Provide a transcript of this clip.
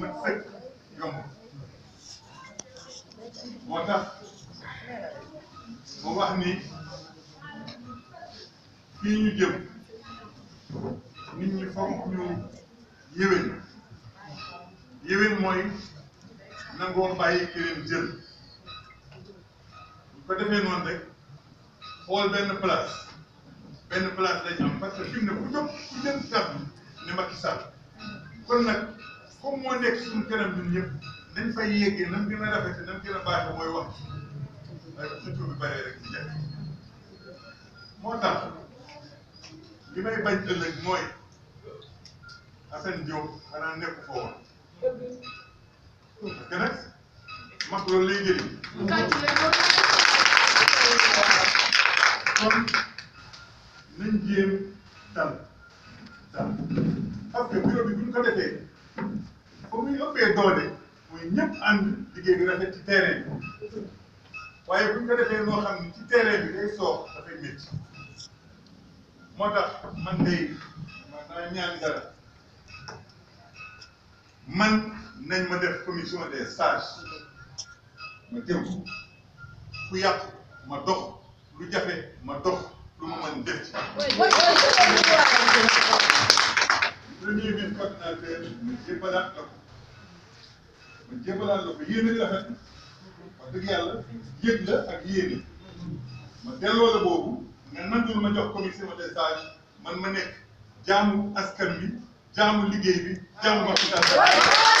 mat sëkk yomb moo tax mu wax ni fii ñu jëm nit ñi fonk ñu yéwén yéwén mooy nangoo bàyyi keneen jël bu ko defee noonu rek xool benn place benn place lañ am parce que fi mu ku jóg ku jël sàmm ne Macky kon nag comme moo nekk suñu kanam ñun ñëpp dañ fay yéegee nam gën a rafete nam gën a baaxe mooy wax waaye xëcco bi bëree rek di jàpp moo tax li may bañ ëllëg mooy Assane Diop xanaa nekk foo woon parce que nag mag loolu lay jëriñ kon nañ jéem dal dal bi buñ ko defee nekkee doole mooy ñëpp liggéey bi rafet ci terrain bi waaye bu ñu ko defee noo xam ne ci terrain bi day soox dafay métti moo tax man day man naa ñaan man nañ ma def commission des sages ma jëm ku yàq ma dox lu jafe ma dox lu ma mën def ci. premier vice coordinateur monsieur Bada man jébbalaal la ko yéene bi rafet wax dëgg yàlla yëg la ak yéene ma delloo la boobu nga nangul ma jox commission de stage man ma nekk jaamu askan bi jaamu liggéey bi jaamu waxtaan